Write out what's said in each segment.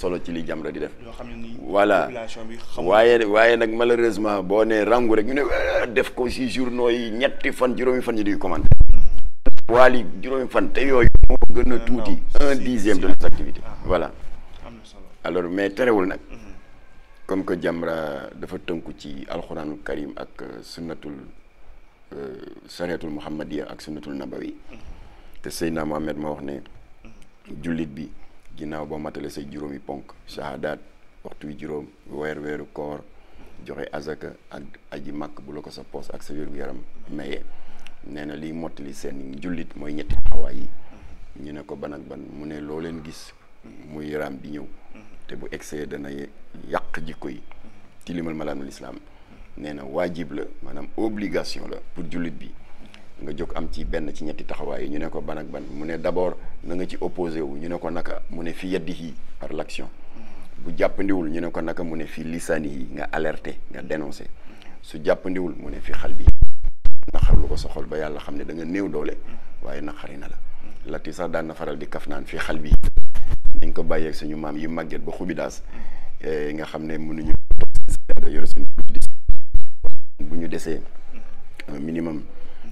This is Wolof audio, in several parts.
solo ci li Jamra di def. yoo xam ne nii population bi voilà waaye waaye nag malheureusement boo nee rangu rek ñu ne ah, def ko si journaux yi ñetti fan juróomi fan yi di commandé. Mm-hmm. waali juróomi fan te yooyu. moo gën a ah, tuuti un dixième de nos activités. Ah, voilà alors mais terewul nag. Mm-hmm. comme que Jamra dafa tënku ci alxuraanul karim ak euh, sunnatul euh, sariatul muhammadiya ak sunnatul nabawi mm-hmm. te Seydina Mohamed ma wax ne jullit bi. ginnaaw boo matalee say juróomi ponk shahadaat waxtu wi juróom weer weeru koor joxe azaka ak aji màkk bu la ko sa poos ak sa wér-gu-yaram maye nee na liy mottali seen njullit mooy ñetti taxawaay yi ñu ne ko ban ak ban mu ne loo leen gis muy raam di ñëw te bu excès dana yàq jikko yi tilimal malaanul islaam nee na waajib la maanaam obligation la pour jullit bi nga jóg am ci benn ci ñetti taxawaay ñu ne ko ban ban mu ne d'abord na ci opposé wu ñu ne ko naka mu ne fi yeddi yi par l'action mm. bu jàppandiwul ñu ne ko naka mu ne fi lisaani yi nga alerté nga dénoncé su jàppandiwul mu ne fi xal bi naxar lu ko soxal ba yàlla xam ne danga nga néew doole waaye naxari na la mm. latti sax daan na faral di kaf naan fi xal bi dañ ko bàyyeek suñu maam yi màgget ba xubidaas mm. eh, nga xam ne mënuñu yore suñu bu ñu desee minimum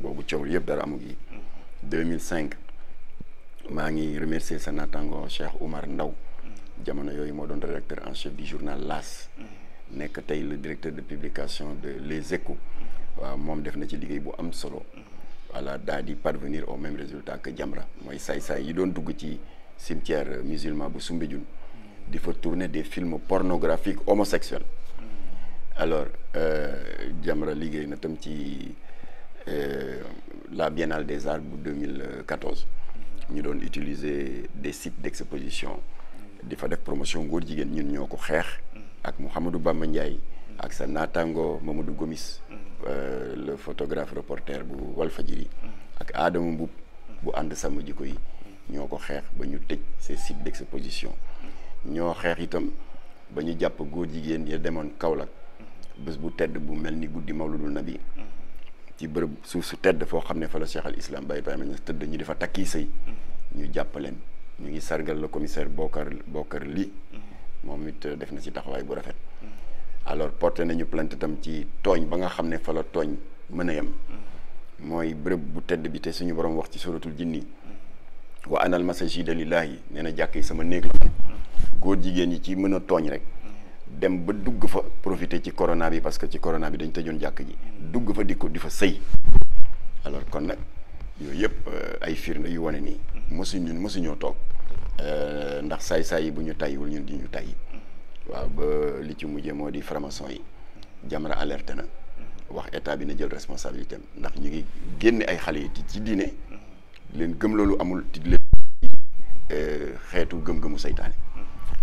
boobu coow yëpp dara amu gi 2005 Je remercie remercier sa Omar Cheikh Oumar Ndaw jamono yooyu moo doon directeur en chef du journal L'As nekk tey le directeur de publication de Les Échos Je suis def na ci liggéey bu am solo parvenir au même résultat que Djamra, Je suis saay yi doon dugg ci cimetière musulman bu Soumbédioune di faire tourner des films pornographiques homosexuels alors euh, Jamra liggéey na tam ci euh, la Biennale des Arts bu 2014 ñu avons utiliser des sites d'exposition di fa def promotion góor jigéen ñun ñoo ont xeex ak Mohamedou Bamba Ndiaye ak sa naataango Mamadou Gomis euh, le photographe reporter bu Walfadjiri ak Adama Mboup bu ànd sama jikko yi ñoo ko ba ñu ces sites d'exposition ñoo xeex itam ba ñu nous góor jigéen ya demoon Kaolack bés bu tedd bu mel ni guddi Mawludul Nabi ci bërëb suuf su tedd fo xam fa la Cheikh al Islam Baye baye Niass tedd ñu difa takki sey mm-hmm. ñu jappalen ñu ngi sargal le commissaire Bokar Bokar Li mm-hmm. momit def na ci taxaway bu rafet mm-hmm. alors porté nañu plainte tam ci togn ba nga xam fa la togn mën yam moy bu tedd bi te suñu borom wax ci suratul jinni wa anal masajida lillahi nee na sama neeg la goor jigen toin yi ci togn rek dem ba dugg fa profité ci corona bi parce que ci corona bi dañ tëjoon jàkk ji dugg fa di ko di fa sëy alors kon nag yooyu yëpp euh, ay firnde yu wane nii mosu ñun ñoo toog euh, ndax saay-saay yi bu ñu tàyyiwul ñun di ñu tàyyi waaw ba li ci mujjee moo di franc-maçon yi Jamra alerte na wax état bi na jël responsabilité ndax ñu ngi génne ay xale yi ci diine leen gëm loolu amul ti leen euh, xeetu gëm-gëmu seytaane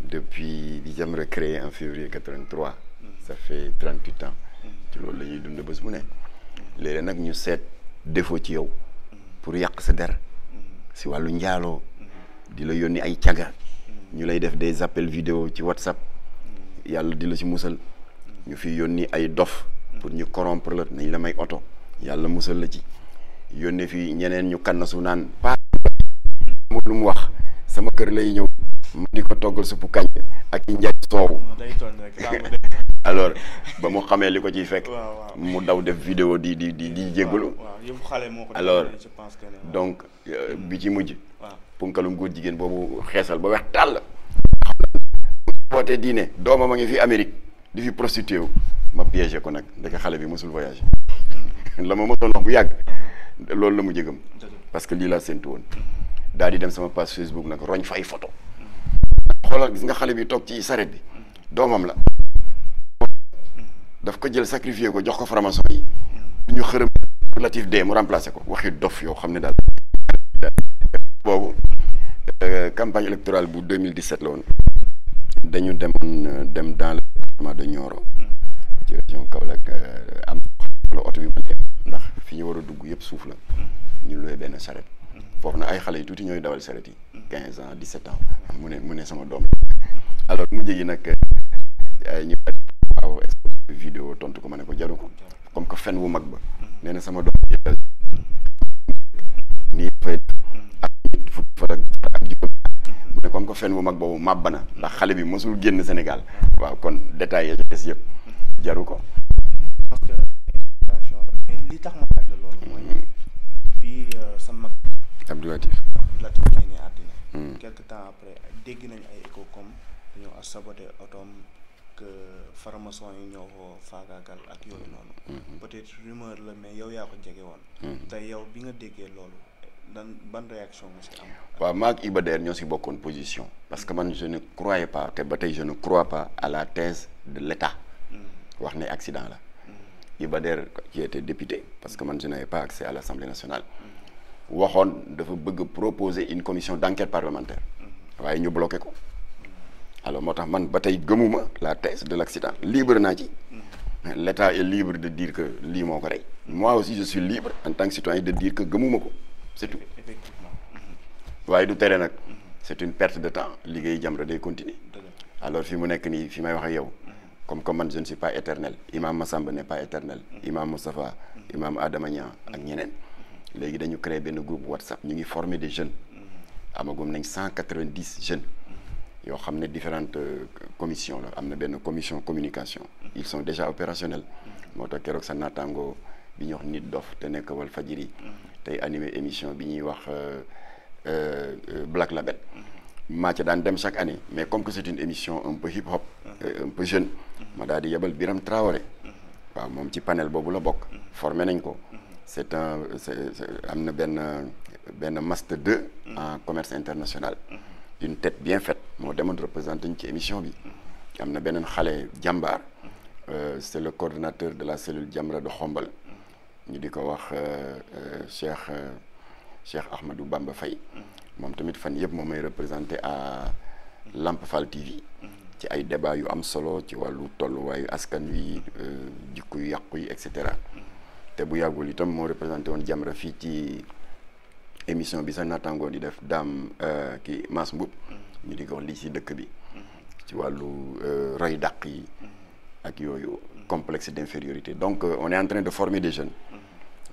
depuis dixième recréé en février 83 ça fait 38 ans ci loolu la ñuy dund beus mu né léeg nak ñu sét défaut ci yow pour yàq sa der si walu ndialo di la yónni ay tiaga ñu lay def des appels vidéo ci whatsapp yalla di la ci musal ñu fi yoni ay dof pour ñu corrompre la nañ la may auto yalla musal la ci yónnee fi ñeneen ñu kanasu naan pa lu mu wax sama kër lay ñëw ma di ko toggal suppu kañ ak i njaay soow alors ba mu xamee li ko ciy fekk mu daw def vidéo di di di di jégalu alors donc euh, bi ci mujj punkalum góor jigéen boobu xeesal ba wex tàll bootee diine doomam a ngi fi Amérique di fi prostitué wu ma piégé ko nag ndeke xale bi mosul voyagé hmm. la ma mosoon wax bu yàgg hmm. loolu la mu jëgam parce que lii laa séntu woon daal di dem sama page Facebook nag roñ fay photo xoolal gis nga xale bi toog ci saret bi doomam la daf ko jël sacrifier ko jox ko franc-maçon yi ñu xërëm relatif de mu remplacé ko waxi dof yow xam ne daal boobu euh, campagne électorale bu mille 2017 la woon dañu demoon euh, dem dans de Nioro ci région Kaolack euh, am oto bi mën ndax fi ñu war a dugg yëpp suuf la ñu luwee benn saret foofu na ay xale yi tuuti ñooy dawal saret yi quinze ans dix sept ans mu ne sama dom, alors mu jegi nag ñu waaw vidéo tontu ko ma ko jaru ko comme que fen wu mag ba nee sama dom, jëlal nii fay ak nit fukk fa ak juróom mu ne comme que fen wu mag boobu màbb na ndax xale bi mosul génn Sénégal waaw kon détails yi des yëpp jaru ko parce li tax ma laaj la loolu bi mm-hmm. euh, sa Abdou Latif Abdou Latif Hmm. quelque temps après dégg nañ ay écho comme dañoo saboté otoom que farmason yi ñoo ko faagaagal ak yooyu noonu hmm. peut-être rumeur là, mais yow yaa ko jege woon hmm. tey yow bi nga déggee loolu dan ban réaction nga si am waaw maag Ibader ñoo si bokkoon position parce que man je ne croyais pas te ba je ne crois pas à la thèse de l'État wax ne accident la Ibader qui était député parce que man je n'avais pas accès à l'Assemblée nationale waxoon dafa bëgg proposer une commission d'enquête parlementaire waye ñu bloqué ko alors motax man batay la thèse de l'accident libre na ci l'État est libre de dire que li moko ray moi aussi je suis libre en tant que citoyen de dire que gëmuma ko c'est tout waye du tere nak c'est une perte de temps liggéey Jamra day continuer alors fi mu nek ni fi may wax ak yow comme comme man je ne suis pas éternel imam Massamba n'est pas éternel imam mustafa imam Adama Niang ak ñeneen nous dañu créé un groupe WhatsApp Nous ngi former des jeunes amagum nañ 190 jeunes Ils ont différentes euh, commissions la am une commission communication ils sont déjà opérationnels moo tax keroog sa naataango bi ñuy wax nit dof te nekk wal A animé émission bi euh, euh, Black Label Je ca daan dem chaque année mais comme que c'est une émission un peu hip hop un peu jeune ma daal yabal à Biram Traoré waaw moom ci panel boobu la formé nañ c'est un c'est, master 2 en commerce international une tête bien faite moo demoon représenté ñu ci émission bi am na un xale Euh, c'est le coordonnateur de la cellule Jamra de Xombal ñu di ko euh, euh, Cheikh euh, Cheikh Ahmadou Bamba Faye moom tamit fan TV. Il may représenté à débats Fall TV ci ay débat yu am solo ci wàllu tolluwaayu askan wi euh, jikko yu yàqu yi et etc te bu yàggul itam moo représenté woon Jamra fii ci émission bi sa naataangoon di def daam qui euh, Mass Mboup mm-hmm. ñu di ko wax lii si dëkk bi mm-hmm. ci wàllu euh, roy dàq yi mm-hmm. ak complexe d'infériorité donc euh, on est en train de former des jeunes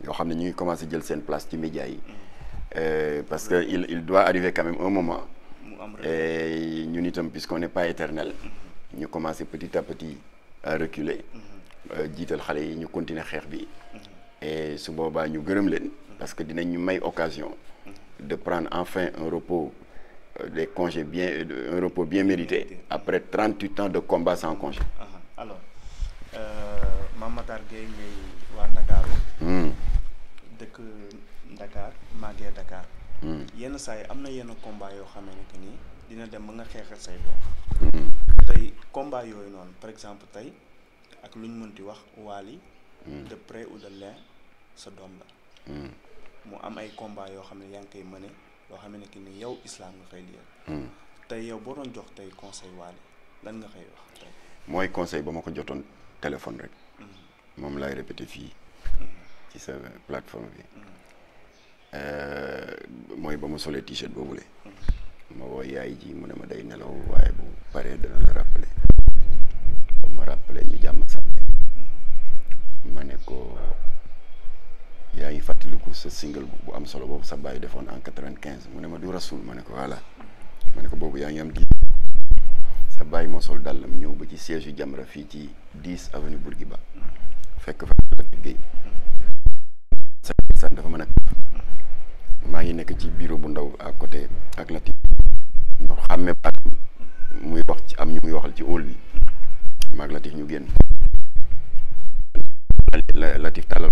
yoo xam commencé ñu ngi commencé jël dans place ci médias yi parce que il doit arriver quand même un moment et nous, puisqu'on n'est pas éternel nous commençons petit à petit à reculer Dites-le yi ñu continuer xeex bi et su boobaa ñu gërëm leen parce que dinañ ñu may occasion de prendre enfin un repos euh, des congés bien euh, un repos bien mérité après 38 ans de combat sans congé. Ah, alors euh, Mame Matar Gueye ngay waa Ndakaaru hmm. dëkk Dakar màggee Dakar hmm. yenn saa yi am na yenn combat yoo xamee ne que nii dina dem ba nga xeexal say doom hmm. tey combat yooyu noonu par exemple tey ak lu ñu mënti wax waali de près ou de l'air. sa doom la. Hmm. mu am ay combat yoo xam ne yaa ngi koy mëne loo xam ne ni yow islam nga koy liyal. Hmm. tey yow boo doon jox tey conseil Wally lan nga koy wax mooy conseil ba ma ko jotoon téléphone rek. Hmm. moom laay répété fii. ci sa plateforme bi. Euh, mooy ba ma solee t-shirt boobu ma woo yaay ji mu ne ma day nelaw waaye bu paree dana ràppale rappelé. ma rappelé ñu jàmm sant. ma ne ko. yi ngi ko sa single bu am solo bobu sa baye defone en 95 mune ma du rasoul ma ko wala ma ko bobu ya ngi am di sa baye mo sol dalam ñew ba ci siège yu Jamra fi ci 10 avenue Bourguiba fekk fa ngey sa dafa mëna ma ngi nek ci bureau bu ndaw à côté ak Latif ñu xamé pat muy wax ci am ñu muy waxal ci hall bi maag Latif ñu génn Latif tàllal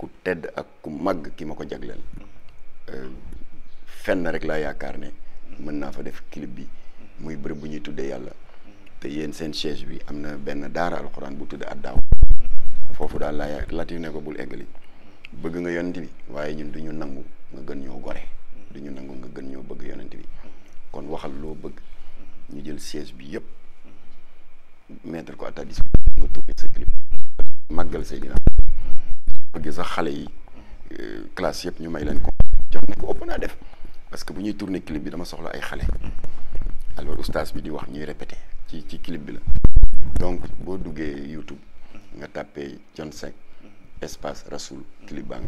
ku tedd ak ku mag ki mako jaglel euh fenn rek la yakar ne mën na fa def clip bi muy bërëb bu ñuy tuddé yalla té yeen seen chaise bi amna na benn daara alxuraan bu tudd fofu da la yak latif ne ko bul eggali bëgg nga yonent bi waye ñun duñu nangu nga gën ñoo goré duñu nangu nga gën ñoo bëgg yonent bi kon waxal lo bëgg ñu jël chaise bi yépp mettre ko à ta disposition nga tuddé sa clip magal sayidina bëggee sax xalé yi euh, classe yépp ñu may leen ko jox ne ëpp na def parce que bu ñuy tourner clip bi dama soxla ay xalé alors oustaz bi di wax ñuy répéter ci ci clip bi la donc bo duggé YouTube nga tapé Thione Seck espace Rasoul clip baa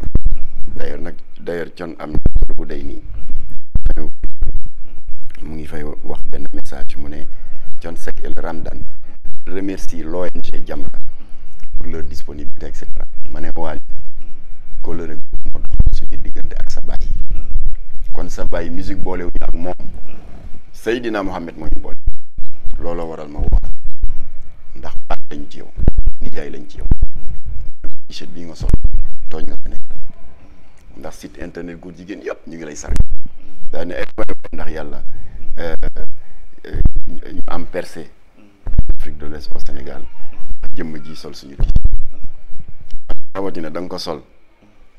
d'ailleurs nak d'ailleurs Thione am bu day ni mu ngi fay wax ben message mu ne Thione Seck el ramdan remercie l'ONG Jamra pour leur disponibilité etc cetera ma ne kóllëre moo dox suñu diggante ak sa baay kon sa baay musique boole wuñu ak moom Seydina Mohamed moo ñu boole waral ma woo ndax baat lañ ci yow nijaay lañ ci yow t-shirt bii nga soxla tooñ nga Sénégal ndax site internet góor jigéen yëpp ñu ngi lay sarg daa ne ay ndax yàlla ñu euh, euh, am percé Afrique de l'Ouest au Sénégal jëmm ji sol suñu ti rawatina da nga ko sol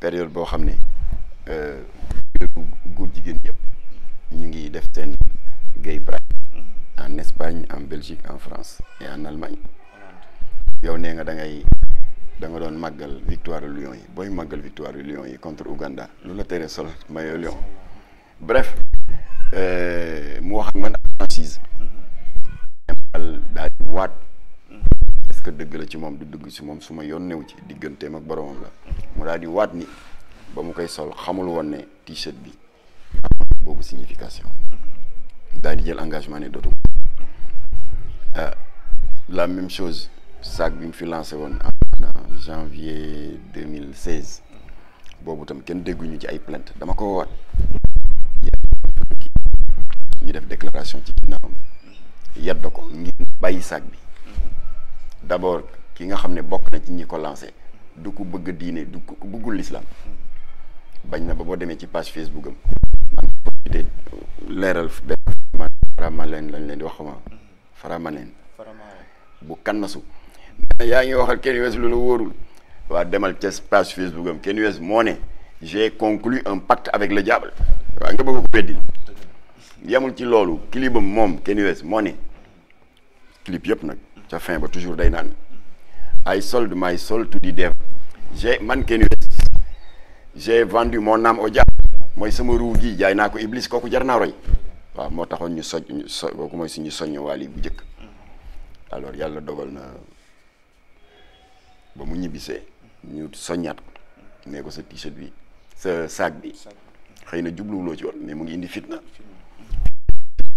période boo xam ne euh, góor jigéen yëpp ñu ngi def seen gay bride en Espagne en Belgique en France et en Allemagne yow nee nga da ngay da nga doon màggal victoire Lions yi booy Magal victoire Lions yi contre Ouganda lu la tere sol maillot Lion bref euh, mu wax ak man ak franchise daal di que deug la ci mom du deug ci mom suma ma ci digganteem mak borom la mu daal wat ni bamukay sol xamul woon t-shirt bi bobu signification daal di jël engagement ne euh la même chose sac bi mu fi lancé won en janvier 2016 bobu tam kenn ñu ci ay plainte dama ko woowaat ñu def déclaration ci ginnaawam yedd ko ngir bàyyi sac bi d'abord ki nga xamné bok bokk na ci ñi lancé du ko bëgg diiné du ko bëggul l'islam bañ na ba boo demee ci page Facebook am man profité leeral benn faramaleen lañ leen di wax xama faramaleen bu kannasu yaa ngi waxal kenn wess loolu wóorul wa démal ci page Facebook am kenn wess moo ne j'ai conclu un pacte avec le diable wa nga bëgg ko weddil yamul ci lolu clipam mom moom kenn wees moo ne clip yëpp nak ca fin ba toujours day naan I sold my soul to the devil j'ai man kenn j'ai vendu mon âme au diable mooy sama ruu gi jaay naa ko Iblis kooku jar naa roy waaw moo taxoon ñu soñ ñu so kooku mooy suñu soññ waali bu njëkk alors yàlla dogal na ba mu ñibbisee ñu soññaat ko nee ko sa t bi sa saag bi xëy na jubluwuloo ci woon mais mu ngi indi fitna.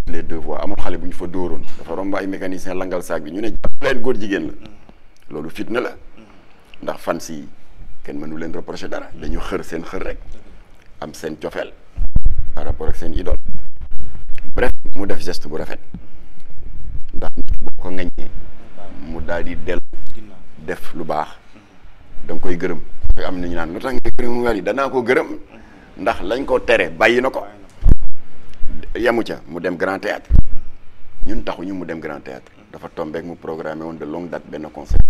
les deux voies amul xale des choses. fa dóoroon dafa des ay mécanicien langal saak bi ñu ne leen des choses. la fitna la ndax fans, si kenn mënu leen reprocher dara xër seen xër rek am seen choses. par rapport ak seen idole bref mu def geste bu rafet ndax nit des ko mu des def lu baax des choses. koy gërëm am des choses. lu tax fait des choses. Il ko fait ndax lañ ko choses yemu ca mu dem grand théâtre ñun taxu ñu mu dem grand théâtre dafa tombeek mu programmé won de longue date ben concert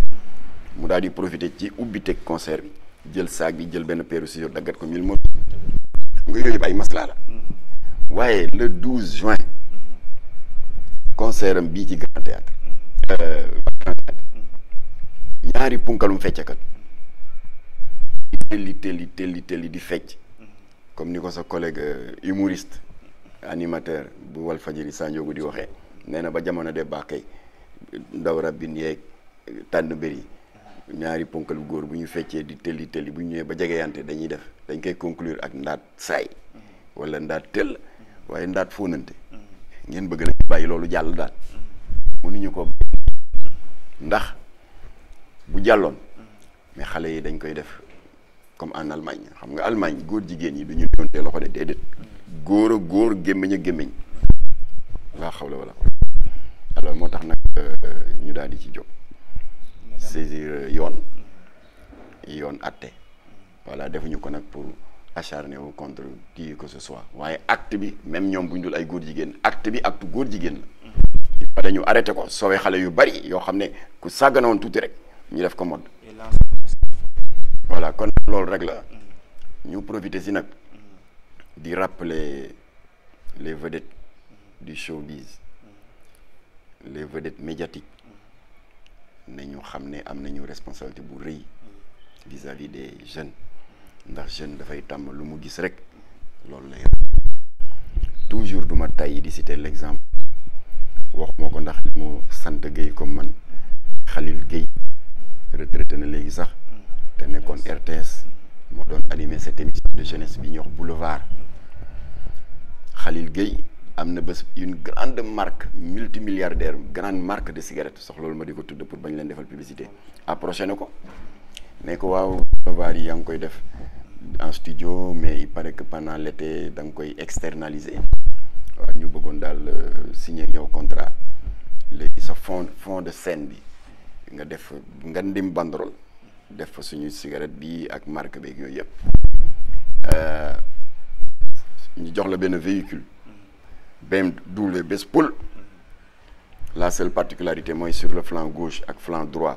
mu daal profiter profité ci ubbiteg concert bi jël sac bi jël ben peeru ciseaux daggat ko 1000 morceaux nga yooyu yëpp masla la wayé le 12 juin concert bi ci grand théâtre euh ñaari punkalum feccakat di telli telli telli telli di fecc comme niko sa collègue euh, humoriste animateur bu Walfadjri Sanjogu di waxee nee na ba jamono de bàkkay ndaw rabin yeeg tànn bëri ñaari ponkal góor bu ñu feccee di tëlli tëlli bu ñu ñëwee ba jegeyante dañuy def dañ koy conclure ak ndaat saay wala ndaat tëll waaye ndaat fóonante ngeen bëgg nañ bàyyi loolu jàll daal mënuñu ko ndax bu jàlloon mais xale yi dañ koy def comme en Allemagne xam Allemagne goor jigen yi loxo de Goor goor wala alors nous euh, avons ñu daal di ci jóg saisir euh, voilà defuñu ko nak pour acharné contre qui que ce soit waaye acte bi même ñoom on dul ay goor jigen acte bi acte goor jigen la il dañu arrêté ko xalé yu bari yoo xam ku tuuti rek ñu def ko voilà nous rek la ñu profiter rappeler les vedettes du showbiz les vedettes médiatiques Nous avons ne am responsabilité bu vis-à-vis des jeunes ndax jeune de tàmm lu mu gis rek toujours je ma di citer l'exemple waxuma ko ndax li mu comme man Khalil Gaye, retraité de l'exemple te nekkoon RTS moo doon animé cette émission de jeunesse bi ñuy boulevard Khalil Gueye am na une grande marque multimilliardaire grande marque de cigarette sox loolu ma di ko tudd pour bañ leen defal publicité approché na ko ne ko waaw boulevard yi yaa koy def en studio mais il paraît que pendant l'été da nga koy externaliser waaw ñu bëggoon daal euh, signer yow contrat léegi sa fond fond de scène bi nga def nga ndim banderole def fa suñu cigarette bi ak marque euh ñu jox la un véhicule double la seule particularité que sur le flanc gauche le flanc droit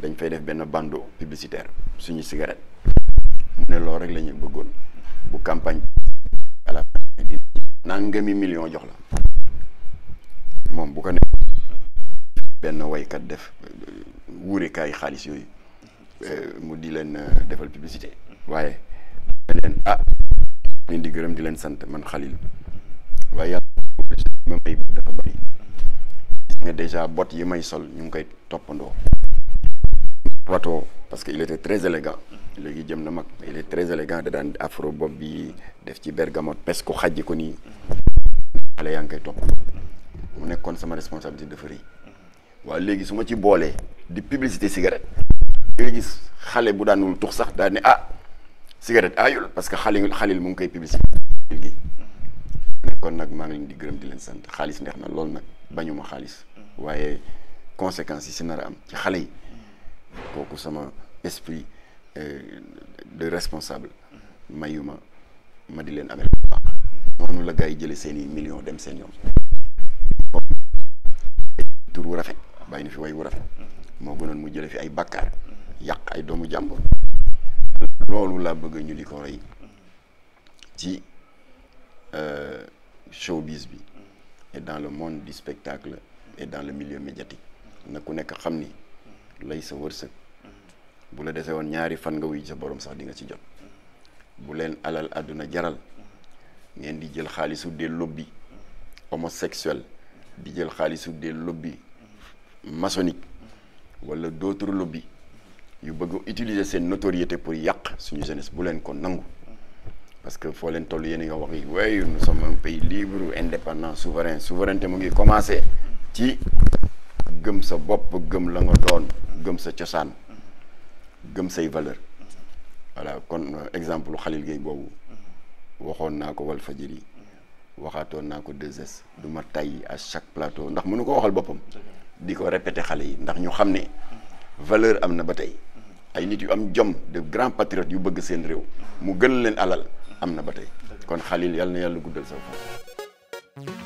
dañ fay def ben bandeau publicitaire suñu cigarette mu rek la bu campagne à la million jox la mom bu ko ben way kat def kay xaliss mu di leen defal publicité waaye ma ah ñu di gërëm di leen sant man Khalil waaye yàlla ma may dafa bari gis nga déjà bot yi may sol ñu ngi koy toppandoo wato parce que il était très élégant léegi jëm na mag il est très élégant da daan afro bopp bi def ci bergamote presque xajji ko nii xale yaa ngi koy toppandoo mu nekkoon sama responsabilité dafa rëy waaye léegi su ci boolee di publicité cigarette nga gis xale bu daanul tux sax daan ne ah cigarette ayul parce que xale xalil mu ngi koy publicité gi kon nak ma ngi di gërëm di len sant xaalis neex na loolu nag bañuma xaalis wayé conséquences ci si am ci xalé yi kooku sama esprit euh, de responsable mayuma ma di len amel bu baax la gay jëlé jële million dem seen yom tur wu rafet bàyyi fi way wu rafet mo gënoon mu jëlé fi ay bakkaar doomu lolou la bëgg ñu euh, showbiz et dans le monde du spectacle et dans le milieu médiatique na ku nek xamni lay sa le bu la déssé won ñaari fan nga wuy borom sax di nga ci jot bu len des lobbies homosexuels di jël des lobbies maçonniques wala d'autres lobbies yu bëgg utiliser seen notoriété pour yak suñu jeunesse bu len ko nangou parce que fo len toll yene a nga wax yi wey nous sommes un pays libre indépendant souverain souveraineté mo ngi commencer ci gëm sa bop gëm la nga doon gëm sa cosaan gëm say valeur voilà kon euh, exemple Khalil Gueye bobu waxon nako wal Walfadjri waxaton nako 2S du ma tay à chaque plateau ndax mënu ko waxal bopam diko répéter xalé yi ndax ñu xamné valeur amna batay ay nit yu am jom de grand patriotes yu bëgg seen réew mu gën leen alal am na ba tey kon Khalil yàlla na yàlla guddal sa fan